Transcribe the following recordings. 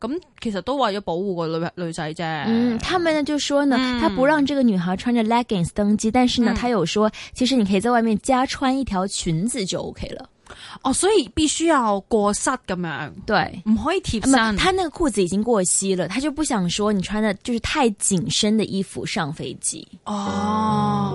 咁其實都為咗保護個女女仔啫。嗯，他們呢就說呢，他、嗯、不讓這個女孩穿着 leggings 登機，但是呢，他、嗯、有說，其實你可以在外面加穿一條裙子就 OK 了。哦，所以必須要過膝咁樣，對，唔可以貼身。唔，他那個褲子已經過膝了，他就不想說你穿的就是太緊身的衣服上飛機。哦。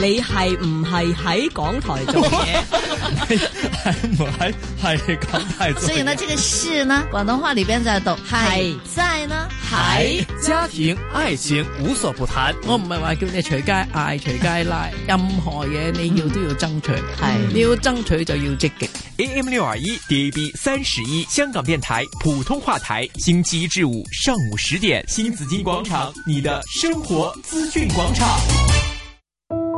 你係唔係喺港台做嘢？係唔係系港台做？所以呢，這個是呢，廣東話裏邊就讀係，即係呢，係，家庭愛情無所不談。我唔係話叫你隨街嗌，隨街拉，任何嘢你要、嗯、都要爭取。係、嗯，你要爭取就要積極。AM 六二一，DAB 三十一，香港電台普通話台，星期一至五上午十點，新紫金廣場，你的生活資訊廣場。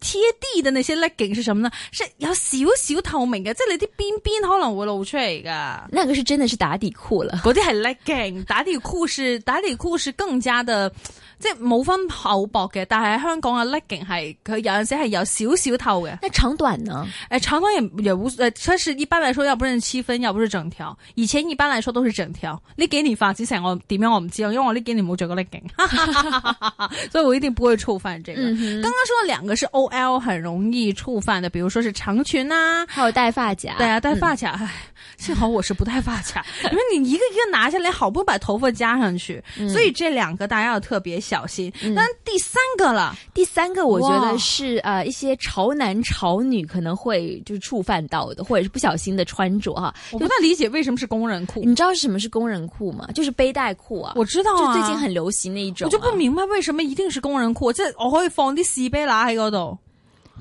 貼地嘅那些 legging 是什麼呢？係有少少透明嘅，即係你啲邊邊可能會露出嚟㗎。那個是真的是打底褲啦，嗰啲係 legging，打底褲是打底褲是更加的。即係冇分厚薄嘅，但係喺香港嘅 legging 係佢有陣時係有少少透嘅。那長短呢？誒、呃，長短也也無誒，即、呃、是一般來說，要不是七分，要不是整條，以前一般來說都是整條。呢幾年發展成我點樣我唔知啦，因為我呢幾年冇着過 legging，哈哈哈哈哈哈，所以我一定不會觸犯這個。嗯、哼剛剛說的兩個是 O L 很容易觸犯的，比如說是長裙啊，還有戴髮卡。對啊，戴髮卡、嗯、唉幸好我是不戴髮卡。因為 你，你一個一個拿下來，好不容易把頭髮加上去，嗯、所以這兩個大家要特別。小心。那、嗯、第三個了，第三個我覺得是哇呃一些潮男潮女可能會就是觸犯到的，或者是不小心的穿着哈、啊。我不太理解為什麼是工人褲。你知道是什麼是工人褲嗎？就是背帶褲啊。我知道啊，就最近很流行那種、啊、一種、啊。我就不明白為什麼一定是工人褲，這，我可以放啲士巴拿喺嗰度。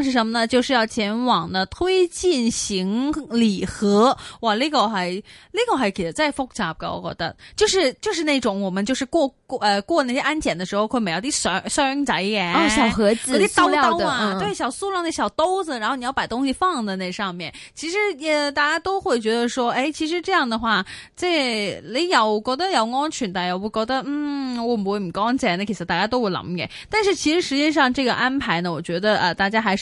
是什麼呢？就是要前往呢推進行李盒哇！呢個係呢個係，其實真係複雜噶。我覺得就是就是那種我們就是過過呃過那些安檢的時候，會沒有啲小仔嘅哦，小盒子、啲刀刀啊、對，小塑料的小兜子，然後你要把東西放在那上面。其實也、呃、大家都會覺得說，哎，其實這樣的話，這你有覺得有安全，但有不覺得嗯我不會唔會唔乾淨呢？其實大家都會諗嘅。但是其實實際上這個安排呢，我覺得啊、呃，大家還是。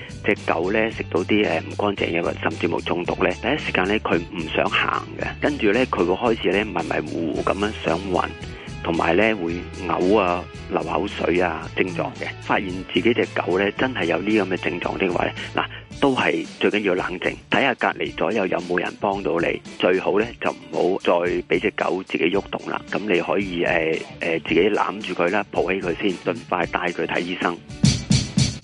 隻狗咧食到啲唔乾淨嘢，或甚至冇中毒咧，第一時間咧佢唔想行嘅，跟住咧佢會開始咧迷迷糊糊咁樣想暈，同埋咧會嘔啊、流口水啊症狀嘅。發現自己隻狗咧真係有呢咁嘅症狀的話咧，嗱都係最緊要冷靜，睇下隔離左右有冇人幫到你，最好咧就唔好再俾隻狗自己喐動啦。咁你可以誒、呃呃、自己攬住佢啦，抱起佢先，儘快帶佢睇醫生。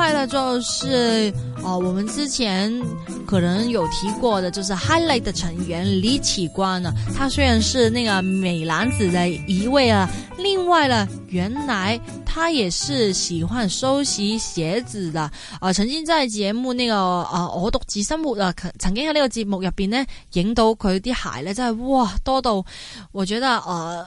另外呢，就是哦、呃，我們之前可能有提過的，就是 Highlight 的成員李起光呢，他雖然是那個美男子的一位啊，另外呢，原來他也是喜歡收集鞋子的啊、呃，曾經在節目那個啊、呃，我獨自生活啊、呃，曾經喺呢個節目入邊呢，影到佢啲鞋呢，真係哇多到我覺得啊。呃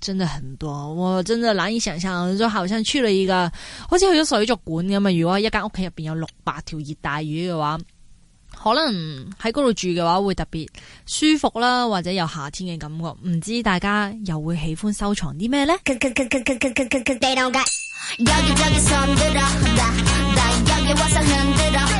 真的很多，我真的難以想象，就好像去了一個好似去咗水族館咁啊！如果一間屋企入邊有六百條熱帶魚嘅話，可能喺嗰度住嘅話會特別舒服啦，或者有夏天嘅感覺。唔知大家又會喜歡收藏啲咩呢？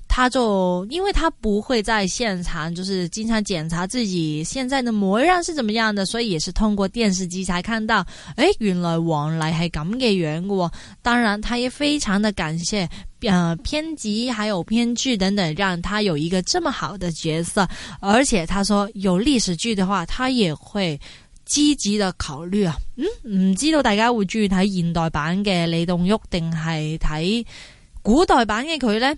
他就因為他不會在現場，就是經常檢查自己現在的模樣是怎麼樣的，所以也是通過電視機才看到。誒，原來王麗係咁嘅樣嘅。當然，他也非常的感謝，呃，編輯還有編劇等等，讓他有一個這麼好的角色。而且他說，有歷史劇的話，他也會積極的考慮啊。嗯嗯，唔知道大家會中意睇現代版嘅李棟旭，定係睇古代版嘅佢咧？